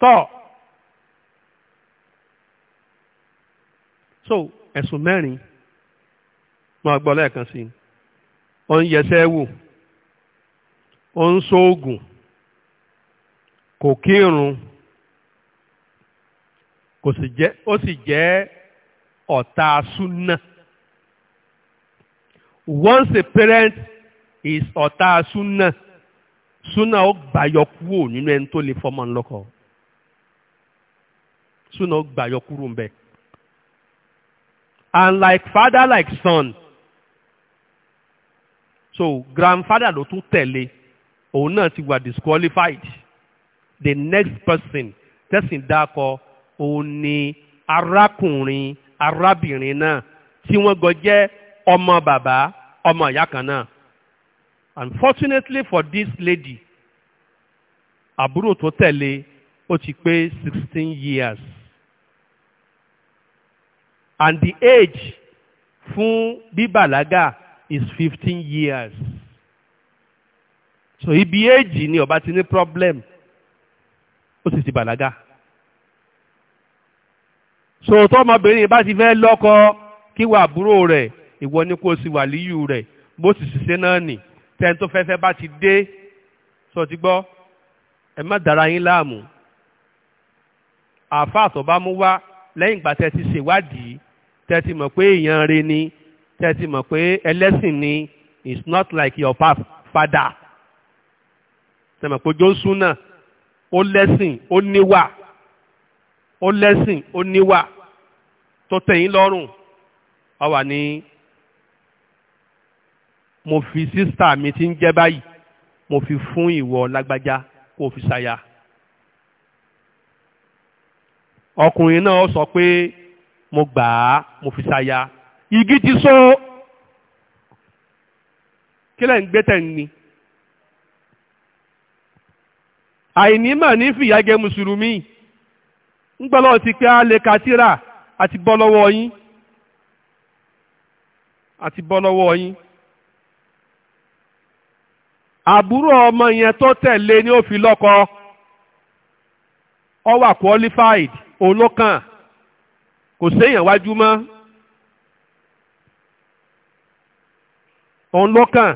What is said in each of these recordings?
tọ́ so ẹ̀sùn mẹ́rin máa gbọ́ lẹ́ẹ̀kan sí i ó ń yẹsẹ́ wò ó ń ṣoògùn kò kírun kò sì jẹ́ ó sì jẹ́ ọ̀tá súnà once a parent is ọ̀tá súnà súnà ó gbàyọ kúrò nínú ẹni tó lè fọmọ ńlọ́kọ̀ọ́ súnà gbàyọ kúrò mbẹ. and like father like son so grandfather ló tún tẹ̀lé òun náà ti wà disqualified the next person tẹ̀sìn dákọ òun ni arákùnrin arábìnrin náà tí wọ́n gọ jẹ́ ọmọ bàbá ọmọ ìyá kan náà unfortunately for this lady àbúrò tó tẹ̀lé ó ti pé sixteen years and the age fún bíbàlágà is fifteen years so ibi age ni ọba ti ní problem ó sì ti bàlágà so tọmọbìnrin bá ti fẹ́ lọ́kọ kí wà àbúrò rẹ̀ ìwọ ni kó o sì wà líyù rẹ̀ bó sì ṣiṣẹ́ náà nì tẹ́ni tó fẹ́fẹ́ bá ti dé sọ ti gbọ́ ẹ má dára yín láàmú àáfàá tó bá mú wá lẹ́yìn ìgbà tẹ́ ti ṣèwádìí tẹ́tí mọ̀ pé èèyàn rẹ ni tẹ́tí mọ̀ pé ẹlẹ́sìn ni it's not like your pap father tẹ̀mọ̀ pé jósù náà ó lẹ́sìn ó níwà ó lẹ́sìn ó níwà tó tẹ̀yìn lọ́rùn ó wà ní mo fi sísítà mi ti ń jẹ́ báyìí mo fi fún ìwọ lágbájá kó o fi ṣaya ọkùnrin náà sọ pé mo gbà á mo fi ṣaya igi ti so kílẹ̀ ń gbé tẹ̀ ń ni àìnímọ̀ ní fìyàjẹ mùsùlùmí ń gbọ́lọ́ ti pé a lè ka tírà àti bọ́ lọ́wọ́ yín àti bọ́ lọ́wọ́ yín àbúrò ọmọ yẹn tó tẹ̀lé ni ó fi lọ́kọ ọ wà qualified olókàn. kò séèyàn wájú mọ́ òun lọ́kàn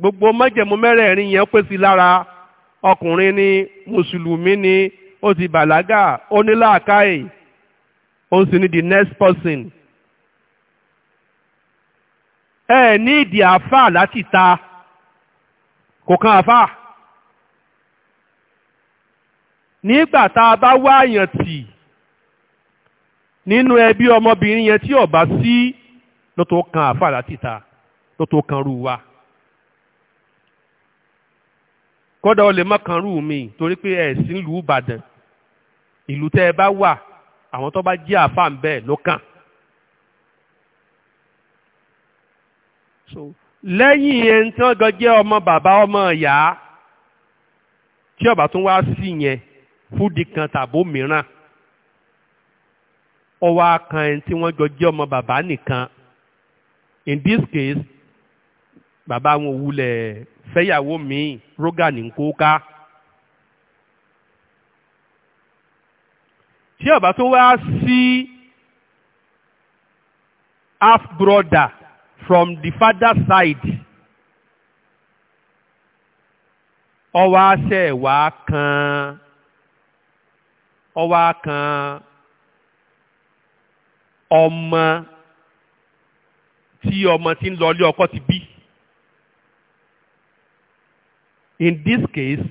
gbogbo májẹ̀mú mẹ́rẹ̀ẹ̀rin yẹn pé sí lára ọkùnrin ni mùsùlùmí ni ó ti bàlágà ó ní làákàyè ó sì ní the next person ẹ ní ìdí àáfà láti ta kò kan àáfà nígbà tá a bá wá àyàn tì nínú ẹbí ọmọbìnrin yẹn tí ọba sí ló tó kan àfàlà títa ló tó kan rú wa kódà ó lè má kan rú mi torí pé ẹ sí ìlú Ìbàdàn ìlú tẹ́ ẹ bá wà àwọn tó bá jẹ́ àfà ń bẹ́ẹ̀ ló kàn. so lẹ́yìn ẹni tí wọ́n gan jẹ́ ọmọ bàbá ọmọ ìyá tí ọba tún wá sí yẹn fúdi kan tàbó mìíràn ó wá kan ẹni tí wọ́n jọ jẹ́ ọmọ bàbá nìkan in this case bàbá wọn wulẹ̀ fẹ́yàwó mi rogan ní kó tí ọba tó wá sí half brother from the father side ọwọ́ àṣẹ wàá kan ọwọ́ kan. ọmọ tí ọmọ tí ń lọ ọkọ ti bí in this case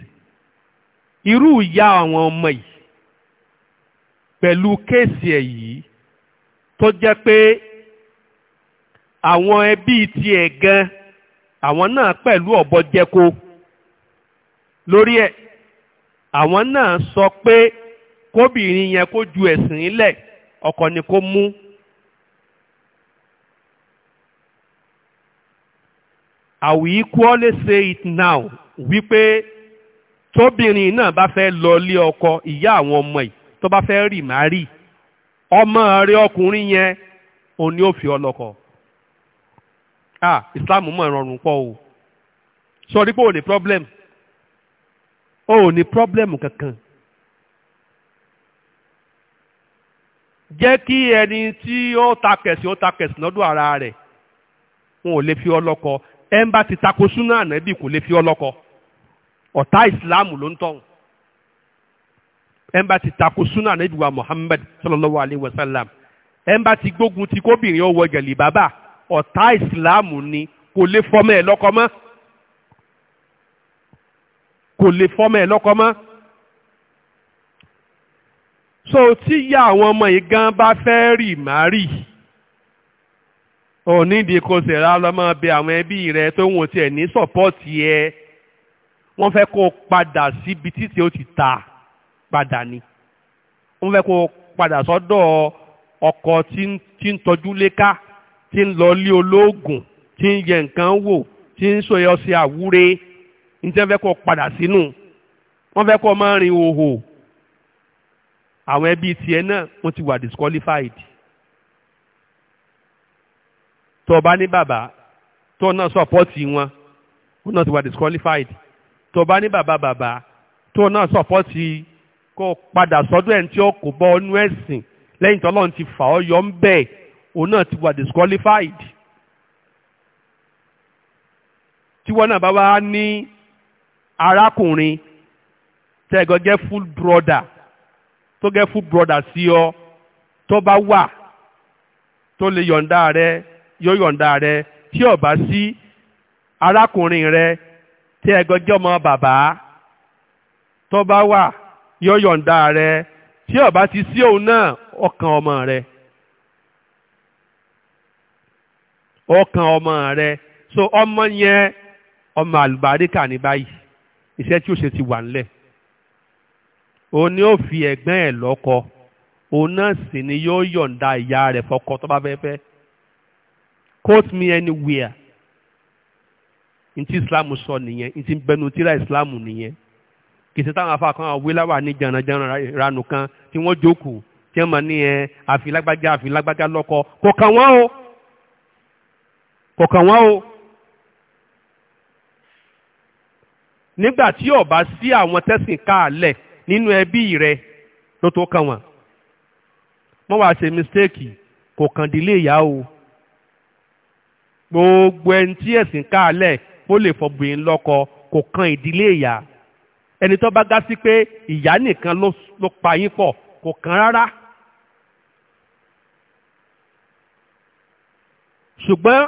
irú ìyá àwọn ọmọ yìí pẹ̀lú kéèsì ẹ̀ yìí tó jẹ́ pé àwọn ẹbí tiẹ̀ gan àwọn náà pẹ̀lú ọ̀bọ jẹ́ko lórí ẹ̀ àwọn náà sọ pé kóbìnrin yẹn kó ju ẹ̀sìn ilẹ̀ ọkọ ni kó mú I will equally say it now wípé tóbìnrin náà bá fẹ́ lọ lé ọkọ ìyá àwọn ọmọ yìí tó bá fẹ́ rì má rì ọmọ rẹ̀ ọkùnrin yẹn òun ni ó fi ọlọ́kọ. ah Islam mọ̀ rọrùn pọ̀ o sọrí pé ò ní problem ò ní problem kankan. jẹ́ kí ẹni tí ó ta kẹ̀sì ó ta kẹ̀sì lọ́dọ̀ ara rẹ̀ wọn ò lè fi ọlọ́kọ ẹ ń bá ti tako súnà ànábì kò lè fi ọlọ́kọ ọ̀tá ìsìláàmù ló ń tọ̀hún ẹ ti tako súnà ànábì wa Muhammad sallallahu alayhi wa sallam ẹ ń bá ti gbógun ti kóbìnrin ọwọ́ gẹ̀lì bàbà ọ̀tá ìsìláàmù ni kò lè fọmọ ẹ lọ́kọ mọ́ kò lè fọmọ ẹ lọ́kọ mọ́ so tí ìyá àwọn ọmọ yìí gan bá fẹ́ rì má rì ò nídìí kó sèrà lọ́mọ bẹ àwọn ẹbí rẹ tó wọn tiẹ̀ ní sọ́pọ́ọ̀tì ẹ wọ́n fẹ́ kó padà síbi títí ó ti ta padà ni wọ́n fẹ́ kó padà sọ́dọ̀ ọkọ tí ń tọ́jú léka tí ń lọ lé olóògùn tí ń yẹ nǹkan wò tí ń sọ ẹyọ sí àwúre ní tí wọ́n fẹ́ kó padà sínú wọ́n fẹ́ kó máa rin òhò àwọn ẹbí tiẹ̀ náà wọ́n ti wà disqualified tó bá ní bàbá tó náà sọ̀pọ́tì wọn ó náà ti wà disqualified tó bá ní bàbá bàbá tó náà sọ̀pọ́tì kó padà sọ́dọ̀ ẹni tí ó kò bọ́ ọ́nú ẹ̀sìn lẹ́yìn tó lọ́n ti fà ọ́ yọ ń bẹ̀ ó náà ti wà disqualified. tí wọ́n náà bá wá ní arákùnrin tẹ́gọ̀ jẹ́ full brother tó jẹ́ full brother sí ọ tó bá wà tó lè yọ̀ǹda rẹ̀ yóò yọ̀ǹda rẹ tí ò bá sí arákùnrin rẹ tí ẹgbẹ́jọ́ mọ bàbá tó bá wà yóò yọ̀ǹda rẹ tí ò bá ti sí òun náà ọkàn ọmọ rẹ ọkàn ọmọ rẹ so ọmọ yẹn ọmọ àlùbáríkà ní báyìí iṣẹ́ tí ó ṣe ti wà ńlẹ̀ òun ni ó fi ẹ̀gbọ́n ẹ̀ lọ́kọ òun náà sì ni yóò yọ̀ǹda ìyá rẹ̀ fọkọ tó bá fẹ́ quote me anywhere ntí islam sọ nìyẹn ntí bẹnu tíra islam nìyẹn kìsì táwọn afa kan àwọn wíláwà ní jàǹdàjàǹdà ranu kan tí wọ́n jókòó tí wọ́n mọ̀ ní ẹ àfilágbájá àfilágbájá lọ́kọ kò kàn o kò kàn o. nígbà tí ó bá sí àwọn tẹ́sìn káàlẹ̀ nínú ẹbí rẹ ló tó kàn wọ́n. wọ́n wá ṣe mistake kò dílé ìyá o gbogbo ẹni tí ẹ̀sìn káàlẹ̀ kó lè fọbìnrin lọ́kọ kò kan ìdílé ìyá ẹni tó bá gá sí pé ìyá nìkan ló pa yín pọ̀ kò kan rárá. ṣùgbọ́n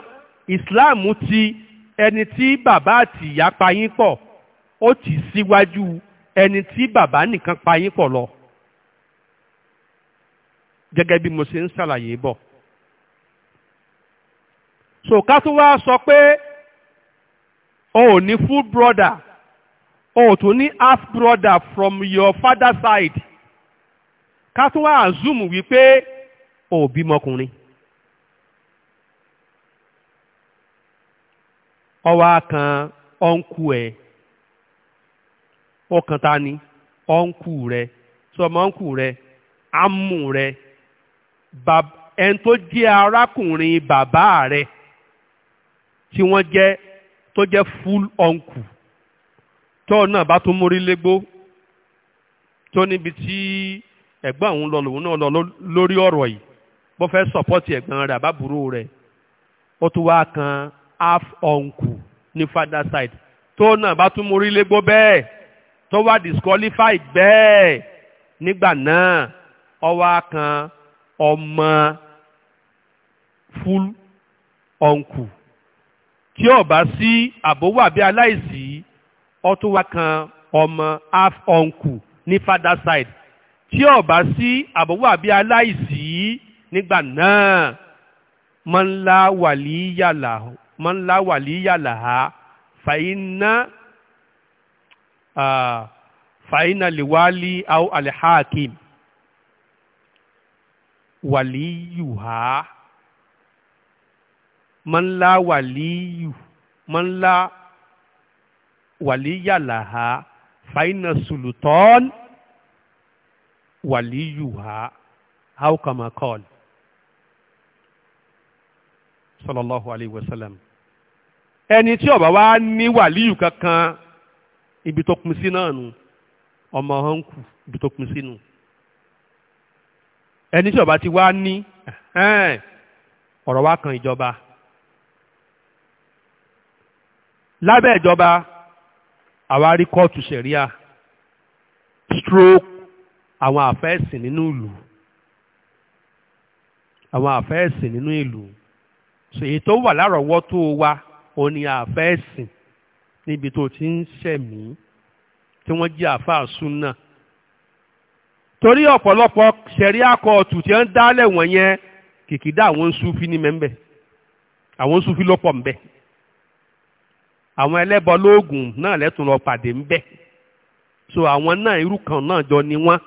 Islam ti ẹni tí bàbá àti ìyá pa yín pọ̀ ó ti síwájú ẹni tí bàbá nìkan pa yín pọ̀ lọ gẹ́gẹ́ bí mo ṣe ń ṣàlàyé bọ̀. so ká tún wá sọ pé o ò ní full brother o ò tún ní half brother from your father side ká tún wá zoom wípé o ò bímọkùnrin. ọwọ́ kan ọ̀nkù ẹ̀ ọkàn ta ni ọ̀nkù rẹ sọmọ ọ̀nkù rẹ amú rẹ ẹni tó jẹ́ arákùnrin bàbá rẹ. tí wọ́n jẹ́ tó jẹ́ full uncle tọ́ náà bá tún mórí légbó tó níbi tí ẹ̀gbọ́n òun lọ lòun náà lọ lórí ọ̀rọ̀ yìí bó fẹ́ sọ̀pọ́tì ẹ̀gbọ́n rẹ̀ àbábúrò rẹ̀ ó tún wá kan half uncle ní father side tó náà bá tún mórí légbó bẹ́ẹ̀ tó wá disqualified bẹ́ẹ̀ nígbà náà ó wá kan ọmọ full uncle tí ó bá sí àbówà bí aláìsí ó tún wá kan ọmọ half uncle ní father side tí ó bá sí àbówà bí aláìsí nígbà náà mọ́nlá wàlíyàlá ha fàyínà fàyínà lèwálí àwọn alhakim wàlíyù ha mọ́nlá wàlíyù mọ́nlá wàlíyàlàhà fàínà sùlùtọ́n wàlíyùhà haukamakọ́l sallallahu alayhi wa sallam ẹni tí ó bá wá ní wàlíyù kankan ibi tó kún sí náà nù ọmọ ọhún kù ibi tó kún sí nù ẹni tí ó bá ti wá ní ọ̀rọ̀ wá kan ìjọba. lábẹ́ ìjọba àwa rí kóòtù sẹ̀ríà stroke àwọn àfẹ́ẹ̀sìn nínú ìlú àwọn àfẹ́ẹ̀sìn nínú ìlú so èyí tó wà lárọ̀ọ́wọ́tó wa òun ni àfẹ́ẹ̀sìn níbi tó ti ń ṣẹ̀mí tí wọ́n jẹ́ àfáà súnà torí ọ̀pọ̀lọpọ̀ sẹ̀ríà kóòtù tí wọ́n dálẹ̀ wọ̀nyẹn kìkìdá àwọn Súfí ní mẹ́ńbẹ̀ àwọn Súfí ló pọ̀ ńbẹ̀ àwọn ẹlẹ́bọ lóògùn náà lẹ́tùn lọ pàdé ń bẹ̀ so àwọn náà irú kan náà jọ ni wọ́n.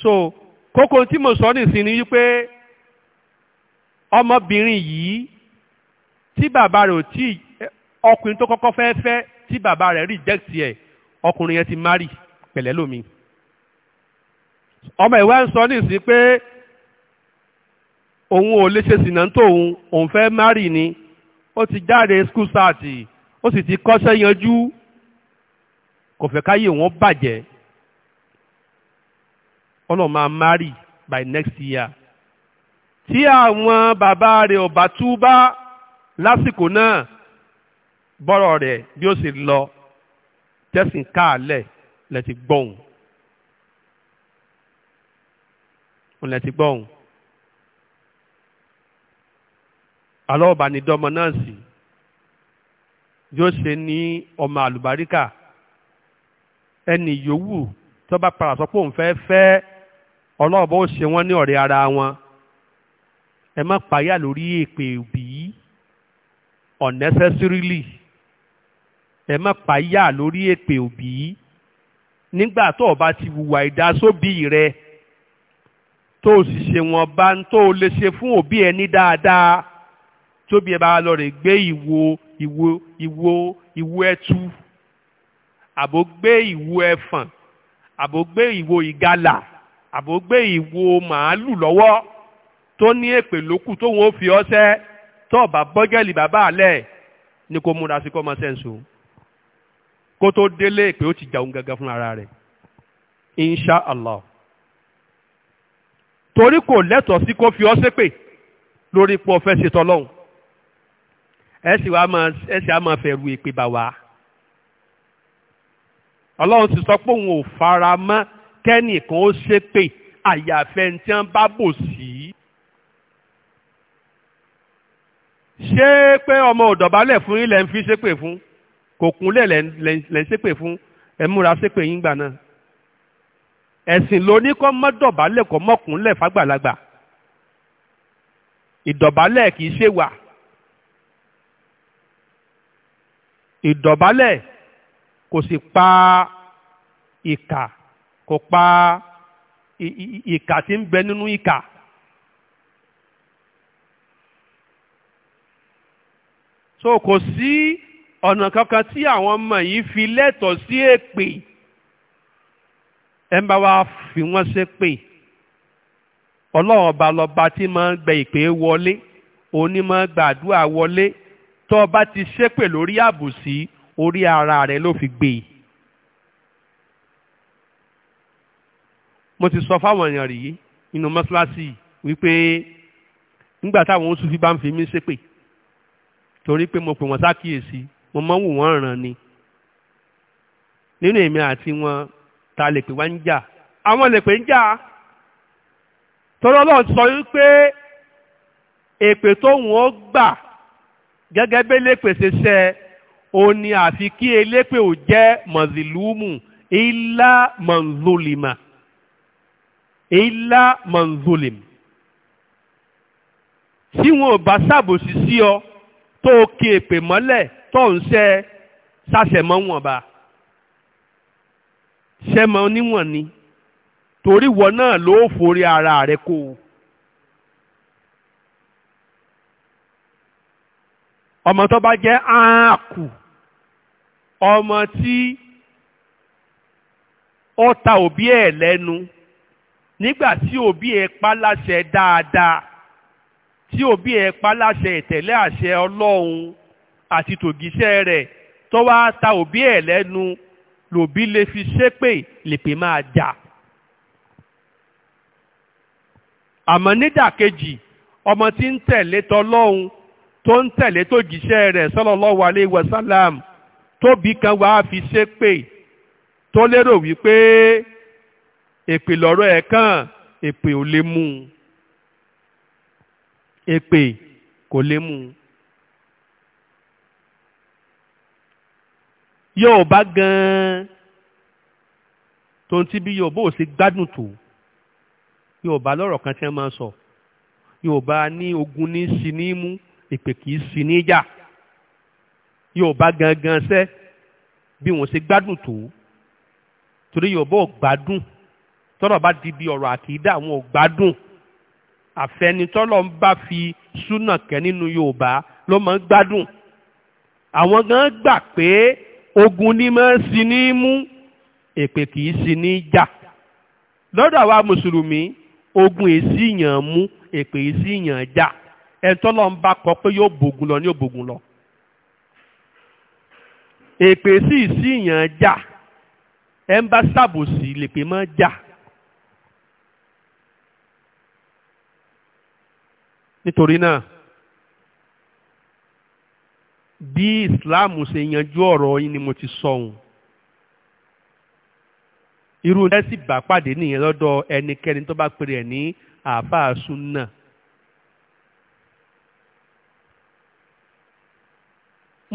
so kókó tí mo sọ nìsín ni wípé ọmọbìnrin yìí tí bàbá rẹ̀ ò tí ọkùnrin tó kọ́kọ́ fẹ́ fẹ́ tí bàbá rẹ̀ reject ẹ̀ ọkùnrin yẹn ti marry pẹ̀lẹ́ lómi ọmọ ìwà ń sọ nìsín pé òun ò lè ṣe sìnà tóun òun fẹ́ márì ni ó ti jáde skul sáàtì ó sì ti kọ́ṣẹ́ yanjú kò fẹ́ káyé wọn bàjẹ́ ọlọ́run máa márì by next year tí àwọn bàbá rẹ̀ ò bá túbá lásìkò náà bọ́rọ̀ rẹ̀ bí ó sì lọ tẹ̀sìn káàlẹ̀ lẹ́ti gbọ́hùn. lẹ́ti gbọ́hùn. alọ́ọ̀bánidọ́mọ náà sí yóò ṣe ní ọmọ àlùbáríkà ẹnì yòówù tó bá para sọ pé òun fẹ́ fẹ́ ọlọ́ọ̀bọ ó ṣe wọ́n ní ọ̀rẹ́ ara wọn ẹ má payá lórí èpè òbí unnecessarily ẹ má payá lórí èpè òbí nígbà tó o bá ti hùwà ìdásóbì rẹ tó o sì ṣe wọn bá tó o lè ṣe fún òbí ẹni dáadáa tóbi ẹ bá lọ rè gbé ìwo ìwo ìwo ìwo ẹtu àbò gbé ìwo ẹfọ̀n àbò gbé ìwo ìgalà àbò gbé ìwo màálù lọ́wọ́ tó ní èpè lókù tó wọn ó fi ọṣẹ tó ọba bọ́gẹ́lì bàbá àlẹ́ ni kò múra sí common sense o kó tó délé èpè ó ti jà òun gangan fún ara rẹ̀ insha allah torí kò lẹ́tọ̀ọ́ sí kó fi ọṣẹ pè lórí pọ̀ fẹ́ ṣe tọ́lọ́hùn ẹ sì wá máa ẹ sì á máa fẹ̀rù èpè bà wá. ọlọ́run sì sọ pé òun ò fara mọ́ kẹ́nìkan ó ṣépè àyàfẹ́ ní tí wọ́n bá bò sí. ṣé pé ọmọ ò dọ̀bálẹ̀ fún ilẹ̀ ń fi ṣépè fún kò kúnlẹ̀ lẹ́ ń ṣépè fún ẹ múra ṣépè yín gbà náà ẹ̀sìn ló ní kọ́ mọ́dọ̀bálẹ̀ kọ́ mọ́kúnlẹ̀ fàgbàlagbà ìdọ̀bálẹ̀ kì í ṣe wà ìdọ̀bálẹ̀ kò sì pa ìkà kò pa ìkà tí ń bẹ nínú ìkà. so kò sí ọ̀nà kankan tí àwọn ọmọ yìí fi lẹ́tọ̀ọ́ sí èpè ẹ ń bá wa fi wọ́n ṣépè ọlọ́run ọba lọ́ba tí máa ń gbẹ ìpè wọlé òun ni máa ń gbàdúrà wọlé tó o bá ti ṣépè lórí àbùsí orí ara rẹ ló fi gbé e. mo ti sọ fáwọn èèyàn rí inú mọ́ṣáláṣí wípé nígbà táwọn oṣù fi bá ń fi mí ṣépè torí pé mo pè wọ́n sákìyèsí mo mọ́ wù wọ́n ràn ni nínú èmi àti wọn ta lè pè wá ń jà àwọn lè pè ń jà torí ọlọ́run sọ wípé èpè tóun ó gbà gẹ́gẹ́ bí elépè ṣe ṣẹ́ ó ní àfi kí elépè ò jẹ́ mọ̀zìlúmù ilá mọ̀nzólìmà ilá mọ̀nzólìm tí wọn ò bá ṣàbòsí sí ọ tó o kí èpè mọ́lẹ̀ tó ń ṣe ṣàṣẹmọ́ wọn bá ṣẹmọ níwọ̀n ni torí wọn náà ló forí ara rẹ kó o. ọmọ tó bá jẹ́ áàkù ọmọ tí ó ta òbí ẹ̀ lẹ́nu nígbà tí òbí ẹ̀ pa láṣẹ dáadáa tí òbí ẹ̀ pa láṣẹ ìtẹ̀lé àṣẹ ọlọ́run àti tògìṣẹ́ rẹ̀ tó wá ta òbí ẹ̀ lẹ́nu lòbí lè fi ṣépè lèpè máa jà. àmọ́ nídàkejì ọmọ tí ń tẹ̀lé tọlọ́run tó ń tẹ̀lé tó jíṣẹ́ rẹ̀ sallallahu alaihi wasallam tóbi kan wàá fi ṣépè tó lérò wípé èpè lọ́rọ̀ ẹ̀ kàn èpè ò lè mú un èpè kò lè mú un. Yorùbá gan-an tó bí Yorùbá ò ṣe gbádùn tó Yorùbá lọ́rọ̀ kan tí wọ́n máa ń sọ Yorùbá ní ogun ní sinímú ìpè kìí sí níjà Yorùbá gangan sẹ́ bí wọ́n ṣe gbádùn tó torí Yorùbá ò gbádùn tọ́rọ̀ bá di bí ọ̀rọ̀ àkìdá àwọn ò gbádùn àfẹnitọ́lọ̀ ń bá fi súnà kẹ́ nínú Yorùbá ló máa ń gbádùn àwọn gan gbà pé ogun ni máa ń sí ní mú èpè kìí sí ní jà lọ́dọ̀ àwa mùsùlùmí ogun èsì yàn mú èpè èsì yàn jà ẹ̀ńtọ́lọ́ ń bá kọ pé yóò bògùn lọ ní òbògùn lọ. èpè sí ìsíyàn jà ẹ ń bá ṣàbòsí lèpè mọ́ jà. nítorí náà bí ìsìláàmù ṣe yanjú ọ̀rọ̀ yín ni mo ti sọ òun irú ẹ sì bá pàdé nìyẹn lọ́dọ̀ ẹnikẹ́ni tó bá pèrè ẹ̀ ní àáfàá súnà.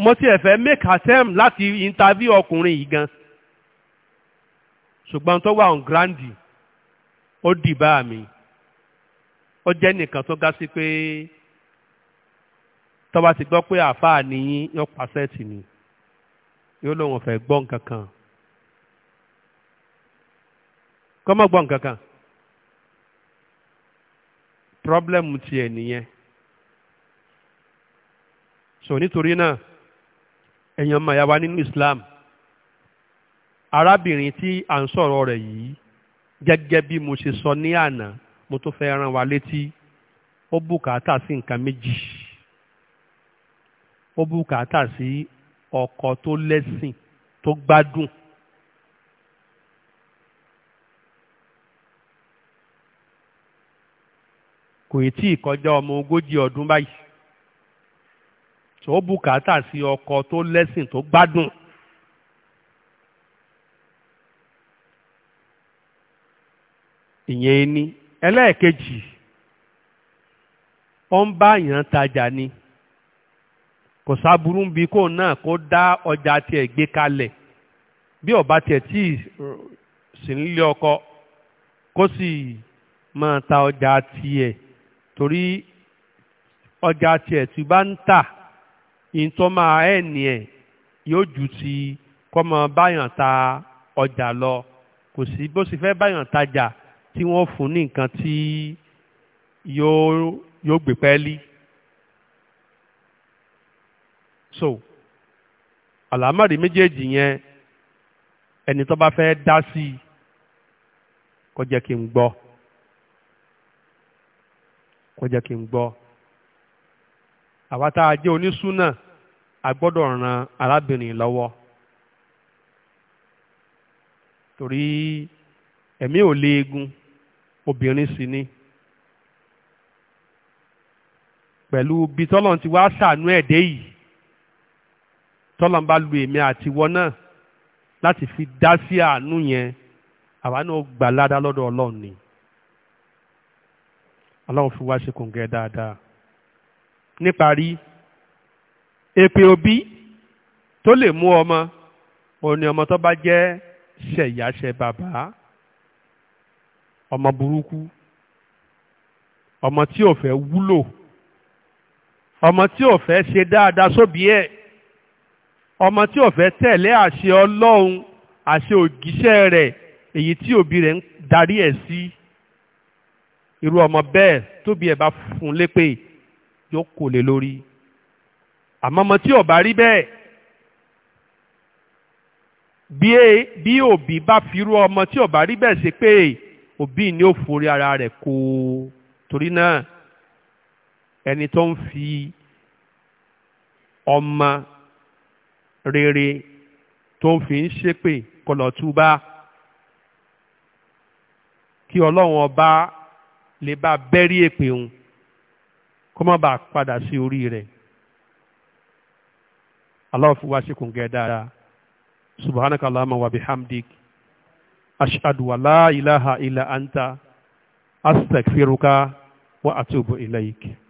mo ti ẹ̀fẹ́ make attempt láti interview ọkùnrin yìí gan ṣùgbọ́n tó wà on grandi ó dì bá mi ó jẹ́ nìkan tó ga sí pé tó bá ti gbọ́ pé àáfàá ni yóò pàṣẹ tì mí yóò lóun fẹ́ gbọ́ nǹkan kan kọ́ mọ́ gbọ́ nǹkan kan problem tiẹ̀ nìyẹn so nítorí náà ẹ̀yàn ọmọ ìyàwó nínú Islam arábìnrin tí à ń sọ̀rọ̀ rẹ̀ yìí gẹ́gẹ́ bí mo ṣe sọ ní àná mo tó fẹ́ rán wa létí ó bùkátà sí nǹkan méjì ó bùkátà sí ọkọ tó lẹ́sìn tó gbádùn kò tí ì kọjá ọmọ ogójì ọdún báyìí tó bùkátà sí ọkọ tó lẹ́sìn tó gbádùn. ìyẹn ni ẹlẹ́ẹ̀kejì ó ń bá èèyàn tajà ni kò sábúrú bí kò náà kó dá ọjà tiẹ̀ gbé kalẹ̀ bí ọba tiẹ̀ tí sì ń lé ọkọ kó sì máa ta ọjà tiẹ̀ torí ọjà tiẹ̀ tí bá ń tà. ìtọ́ máa ẹ̀ ní ẹ̀ yóò ju ti kọ́mọ báyàn ta ọjà lọ kò sí bó sì fẹ́ báyàn tajà tí wọ́n fún ní nǹkan tí yóò yóò gbé pẹ́ẹ́lí. so àlámọ̀rí méjèèjì yẹn ẹni tó bá fẹ́ dá sí i kó kí n gbọ́ kó kí n gbọ́ àwa tá a jẹ́ onísúnà a gbọ́dọ̀ ran arábìnrin lọ́wọ́ torí ẹ̀mí ò léegun obìnrin sì ni pẹ̀lú bí tọ́lọ̀ ti wá ṣàánú ẹ̀dẹ́ yìí tọ́lọ̀ bá lu èmi àtiwọ́ náà láti fi dá sí àánú yẹn àwa náà gbà ládá lọ́dọ̀ ọlọ́run ọlọ́run fi wá ṣe kòǹgẹ́ dáadáa níparí èpè òbí tó lè mú ọmọ òní ọmọ tó bá jẹ́ ṣẹ̀yàṣẹ̀ bàbá ọmọ burúkú ọmọ tí ò fẹ́ wúlò ọmọ tí ò fẹ́ ṣe dáadáa sóbí ẹ̀ ọmọ tí ò fẹ́ tẹ̀lé àṣẹ ọlọ́run àṣẹ òjíṣẹ́ rẹ̀ èyí tí òbí rẹ̀ ń darí ẹ̀ sí irú ọmọ bẹ́ẹ̀ tóbi ẹ̀ bá fún lépè yóò kò lè lórí àmọ́ ọmọ tí ò bá rí bẹ́ẹ̀ e, bí òbí bá firú ọmọ tí ò bá rí bẹ́ẹ̀ ṣe pé òbí ni ó forí ara rẹ̀ kó torí náà ẹni tó ń fi ọmọ rere tó fi ń ṣépè kọlọ̀túbá kí ọlọ́run ọba lè bá bẹ́rí èpè òun kó má bàa padà sí orí rẹ̀ Allah fi wá síkùn gẹ̀ dáadáa subhanaka allahumma wa bihamdik ashhadu an ilaha illa anta astaghfiruka wa atubu ilayk.